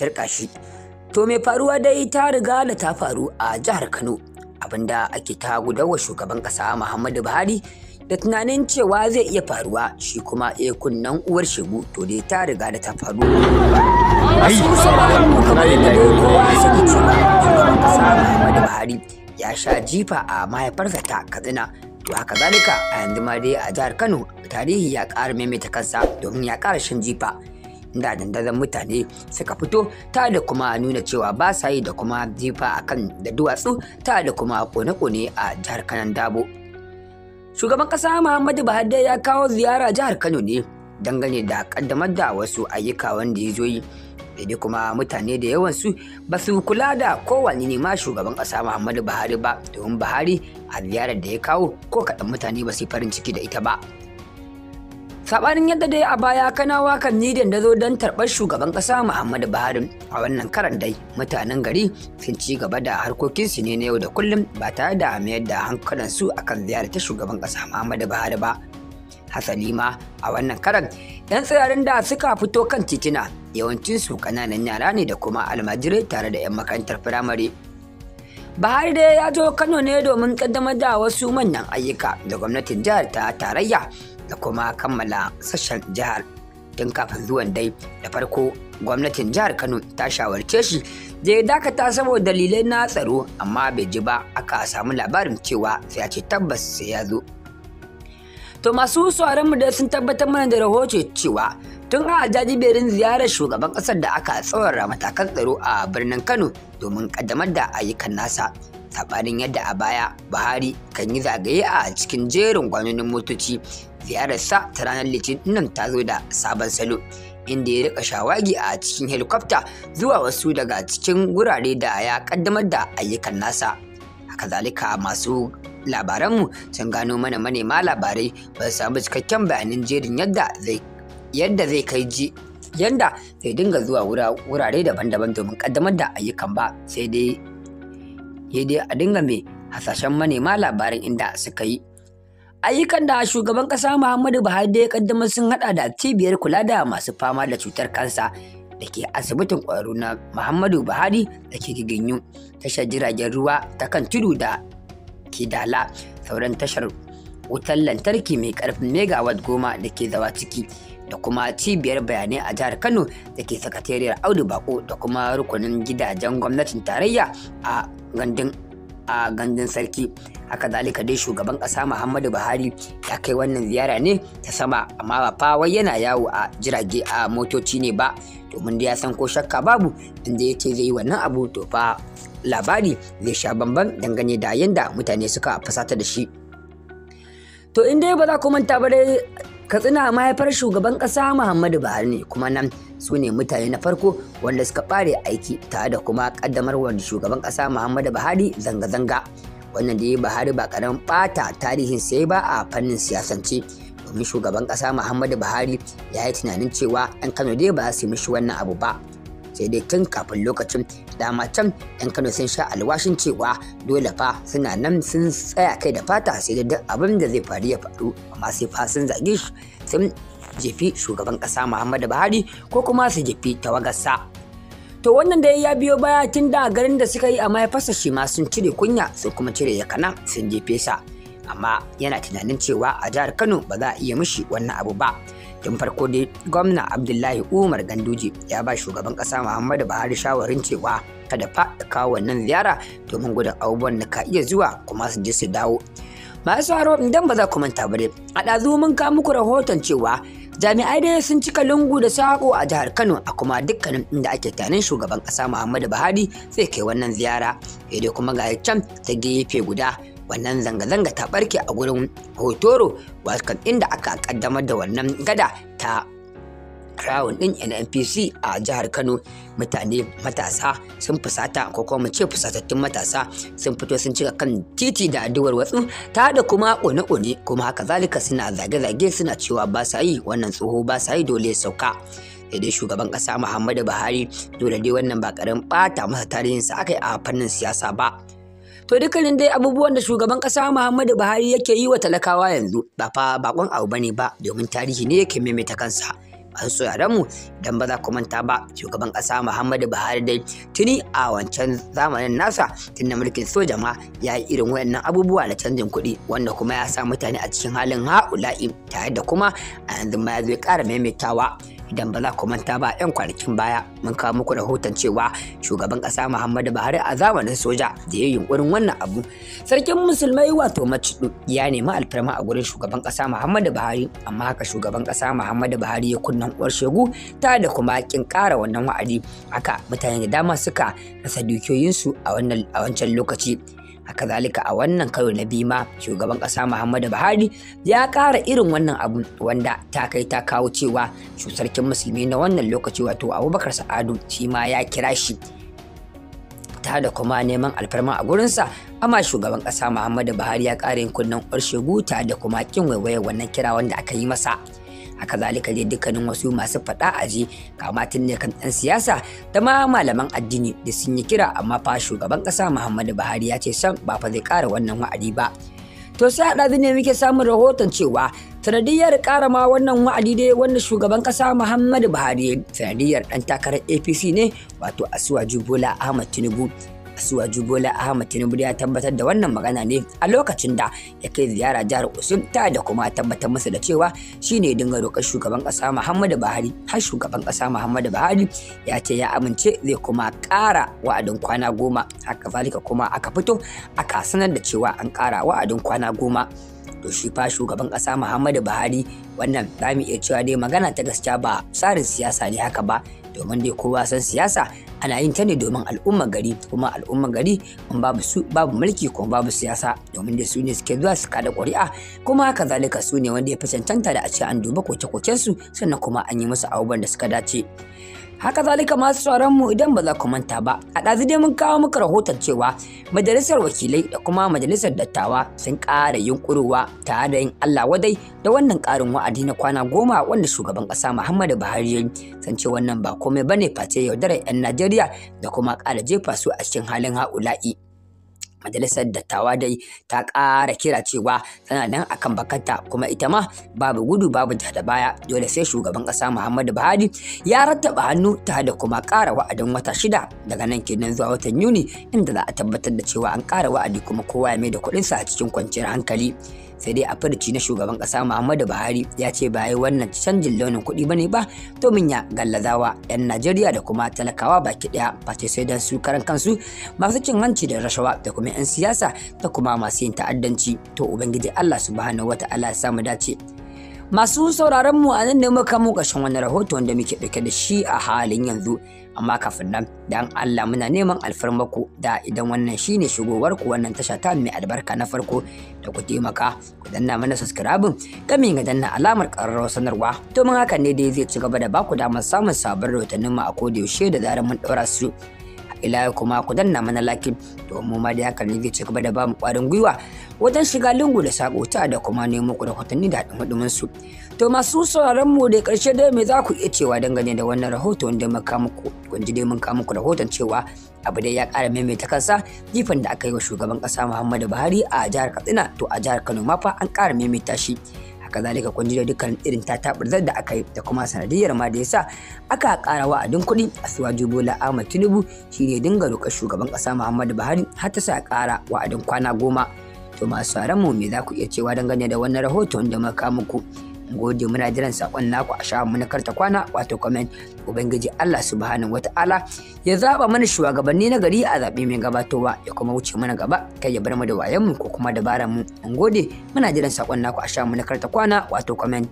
cirka shi to mai faruwa dai ta riga da ta faru a jihar kano abinda ake ta gudawa shugaban ƙasa muhammadu buhari da tunanin cewa zai iya faruwa shi kuma iya eh, kunnan uwar shegu to dai ta riga da ta faru buhari ya sha jifa a mahaifarsa ta katsina to haka zalika a yanzu ma dai a jihar kano tarihi ya ƙara maimaita kansa domin ya ƙara shan jifa da dandazon mutane suka fito ta da kuma nuna cewa ba sa yi da kuma jifa akan da duwatsu ta da kuma kone-kone a jihar kanan dabo shugaban kasa muhammadu buhari ya kawo ziyara jihar kano ne dangane da kaddamar da wasu ayyuka wanda ya zo yi da kuma mutane da yawan su ba su kula da kowane ne ma shugaban kasa muhammadu buhari ba domin buhari a ziyarar da ya kawo ko kaɗan mutane ba su farin ciki da ita ba sabanin yadda dai a baya kanawa kan ni da zo don tarbar shugaban kasa muhammadu buhari a wannan karan dai mutanen gari sun ci gaba da harkokinsu ne na yau da kullum ba tare da mayar da su akan ziyarar ta shugaban kasa muhammadu buhari ba hasali ma a wannan karan yan tsirarin da suka fito kan titina su kananan yara ne da kuma almajirai tare da 'yan makarantar firamare Buhari dai ya zo Kano ne domin kaddamar da wasu manyan ayyuka da gwamnatin jihar ta tarayya da kuma kammala sashen jihar tun kafin zuwan dai da farko gwamnatin jihar kano ta shawarce shi da ya dakata saboda dalilai na tsaro amma bai ji ba aka samu labarin cewa sai a ce tabbas sai ya zo to masu mu da sun tabbatar mana da rahoto cewa tun a jajiberin ziyarar shugaban kasar da aka tsawara matakan tsaro a birnin kano domin kaddamar da ayyukan nasa saɓanin yadda a baya buhari kan yi zagaye a cikin jerin gwanonin motoci sa ta ranar litinin ta zo da sabon salo inda ya rika shawagi a cikin helikwafta zuwa wasu daga cikin wurare da ya kaddamar da ayyukan nasa haka zalika masu labaranmu sun gano mana manema labarai ba su samu cikakken bayanin jerin yadda zai kai ji yadda zai dinga zuwa wurare daban-daban domin kaddamar da ayyukan ba sai dai a dinga mai hasashen manema labarin inda suka yi Ayyukan da shugaban ƙasa Muhammadu Buhari da ya kaddamar sun hada da cibiyar kula da masu fama da cutar kansa da ke asibitin ƙwararru na Muhammadu Buhari da ke Giginyu, tashar jiragen ruwa ta kan tudu da Kidala, sauran tashar wutar lantarki mai karfin megawatt goma da ke zawa ciki da kuma cibiyar bayanai a jihar Kano da ke sakatariyar Audu Bako da kuma rukunin gidajen gwamnatin tarayya a gandun a gandun sarki haka zalika dai shugaban ƙasa muhammadu buhari ya kai wannan ziyara ne ta sama amma ba fa wai yana yawo a jirage a motoci ne ba domin da ya san ko shakka babu inda ya ce zai yi wannan abu to fa labari zai sha bamban dangane da yadda mutane suka fasata da shi to in dai ba za ku manta ba dai katsina mahaifar shugaban ƙasa muhammadu buhari ne kuma nan su ne mutane na farko wanda suka ɓare aiki tare da kuma ƙaddamarwar shugaban ƙasa Muhammadu Buhari zanga-zanga. Wannan da ya Buhari ba karamin bata tarihin sai ba a fannin siyasance. Domin shugaban ƙasa Muhammadu Buhari ya yi tunanin cewa 'yan Kano dai ba su mishi wannan abu ba. sai dai tun kafin lokacin dama can 'yan kano sun sha alwashin cewa dole fa suna nan sun tsaya kai da fata sai da duk abin da zai faru ya faru amma sai fa sun zage shi sun jefi shugaban kasa Muhammadu Buhari ko kuma su jefi tawagarsa. To wannan da ya biyo baya tun da garin da suka yi a mahaifarsa shi ma sun cire kunya sun kuma cire ya yakana sun jefe sa. Amma yana tunanin cewa a jihar Kano ba za a iya mishi wannan abu ba. tun farko dai gwamna abdullahi umar ganduje ya ba shugaban kasa muhammadu buhari shawarin cewa kada fa da kawo wannan ziyara domin gudun abubuwan da ka iya zuwa kuma su je su dawo masu haro idan ba za ku manta ba dai a ɗazu mun kawo muku rahoton cewa jami'ai dai sun cika lungu da sako a jihar kano a kuma dukkanin inda ake tanin shugaban kasa muhammadu buhari zai kai wannan ziyara sai dai kuma ga can ta gefe guda wannan zanga-zanga ta barke a gurin hotoro wakan inda aka kaddamar da wannan gada ta crown din nnpc a jihar kano mutane matasa sun fusata ko kuma ce fusatattun matasa sun fito sun cika kan titi da addu'ar watsu ta da kuma kone-kone kuma haka zalika suna zage-zage suna cewa ba sa yi wannan tsoho ba sa yi dole sauka dai shugaban kasa muhammadu buhari dole dai wannan ba karin bata masa tarihinsa aka yi a fannin siyasa ba to dukkanin dai abubuwan da shugaban kasa Muhammadu Buhari yake yi wa talakawa yanzu ba fa bakon abu bane ba domin tarihi ne yake maimaita kansa masu mu idan ba za ku manta ba shugaban ƙasa muhammadu buhari dai tuni a wancan zamanin nasa tun na mulkin soja ma ya yi irin wayannan abubuwa da canjin kuɗi wanda kuma ya sa mutane a cikin halin ha'ula'i tare da kuma a yanzu ma ya zai ƙara maimaitawa idan ba za ku manta ba 'yan kwanakin baya mun kawo muku rahoton cewa shugaban ƙasa muhammadu buhari a zamanin soja da ya yunkurin wannan abu sarkin musulmai wato macidu ya nemi alfarma a gurin shugaban ƙasa muhammadu buhari amma haka shugaban ƙasa muhammadu buhari ya kunna uwar shegu ta da kuma kin kara wannan wa'adi haka mutane da dama suka rasa dukiyoyinsu a wancan lokaci haka zalika a wannan karo na bima shugaban kasa muhammadu buhari ya kara irin wannan abu wanda ta kai ta kawo cewa sarkin musulmi na wannan lokaci wato abubakar sa'adu shi ma ya kira shi ta da kuma neman alfarma a gurinsa amma shugaban ƙasa muhammadu buhari ya kara yin kunnen ƙarshe guta da kuma kin waiwaye wannan kira wanda aka yi masa haka zalika dai dukkanin wasu masu faɗa aji kama tun ne kan ɗan siyasa da ma malaman addini da sun yi kira amma fa shugaban ƙasa Muhammadu Buhari ya ce san ba fa zai ƙara wannan wa'adi ba. To sai haɗa ne muke samun rahoton cewa sanadiyar ƙara ma wannan wa'adi dai wanda shugaban ƙasa Muhammadu Buhari sanadiyar ɗan takarar APC ne wato Asuwa Bola Ahmad Tinubu a jubola ahmad tinubu ya tabbatar da wannan magana ne a lokacin da ya kai ziyara jihar osun ta da kuma tabbatar masa da cewa shine dinga roƙar shugaban ƙasa muhammadu buhari har shugaban ƙasa muhammadu buhari ya ce ya amince zai kuma ƙara wa'adin kwana goma haka zalika kuma aka fito aka sanar da cewa an ƙara wa'adin kwana goma to shi fa shugaban ƙasa Muhammadu Buhari wannan za iya cewa dai magana ta gaskiya ba tsarin siyasa ne haka ba domin dai kowa san siyasa ana yin ta ne domin al'umma gari kuma al'umma gari babu su babu mulki kuma babu siyasa domin da su ne suke zuwa su kada ƙuri'a kuma haka zalika su ne wanda ya fi cancanta da a ce an duba koke-koken su sannan kuma an yi musu abubuwan da suka dace haka zalika masu sauran mu idan ba za ku manta ba a ɗazu dai mun kawo muku rahoton cewa majalisar wakilai da kuma majalisar dattawa sun ƙara yunkurowa tare da yin Allah wadai da wannan ƙarin wa'adi na kwana goma wanda shugaban ƙasa Muhammadu Buhari ya san ce wannan ba komai bane face yaudarar 'yan Najeriya da kuma ƙara jefa su a cikin halin ha'ula'i. majalisar dattawa dai ta ƙara kira cewa tana nan akan bakanta kuma ita ma babu gudu babu ta da baya dole sai shugaban ƙasa muhammadu buhari ya rattaba hannu ta da kuma ƙara wa'adin wata shida daga nan kenan zuwa watan yuni inda za a tabbatar da cewa an ƙara wa'adi kuma kowa ya mai da kuɗinsa a cikin kwanciyar hankali sai dai a furci na shugaban kasa Muhammadu Buhari ya ce ba yi wannan canjin launin kuɗi bane ba domin ya gallazawa 'yan Najeriya da kuma talakawa baki ɗaya face sai dan su karan kansu masu cin hanci da rashawa da kuma 'yan siyasa da kuma masu yin ta'addanci to ubangiji Allah subhanahu wata'ala ya samu dace Masu sauraron mu a nan ne muka mu ƙarshen wani rahoto da muke ɗauke da shi a halin yanzu. Amma kafin nan, dan Allah muna neman alfarmako da idan wannan shine shigowar ku wannan tasha ta mai albarka na farko da ku taimaka ku danna mana subscribing kami ga danna alamar ƙararrawar sanarwa domin haka ne dai zai ci gaba da baku damar samun sabon rahotannin mu a koda yaushe da zarar mun ɗaura su. ila kuma ku danna mana lakin domin ma da hakan ne zai ci gaba da bamu kwarin gwiwa wajen shiga lungu da sakota da kuma nemo ku da kwatanni da su to masu sauraron mu da karshe dai me za ku iya cewa dangane da wannan rahoto wanda muka muku kun dai mun kawo muku rahoton cewa abu dai ya kara maimaita kansa jifan da aka yi wa shugaban kasa Muhammadu Buhari a jihar Katsina to a jihar Kano ma fa an kara maimaita shi kazalika kun jira dukkan irin ta tatabarzar da aka yi da kuma sanadiyar ma da ya sa aka kara wa'adin kuɗi a suwaju bola ahmad tinubu shine dinga roƙar shugaban ƙasa muhammadu buhari har ta sa kara wa'adin kwana goma to masu mu me za ku iya cewa dangane da wannan rahoton da muka muku gode muna jiran sakon naku a shafin muna karta kwana wato comment ubangiji Allah subhanahu wata'ala ya zaba mana shugabanni na gari a zabe mai gabatowa ya kuma wuce mana gaba kai ya bar mu da wayan mu ko kuma dabaran mu gode muna jiran sakon naku a shafin muna karta kwana wato comment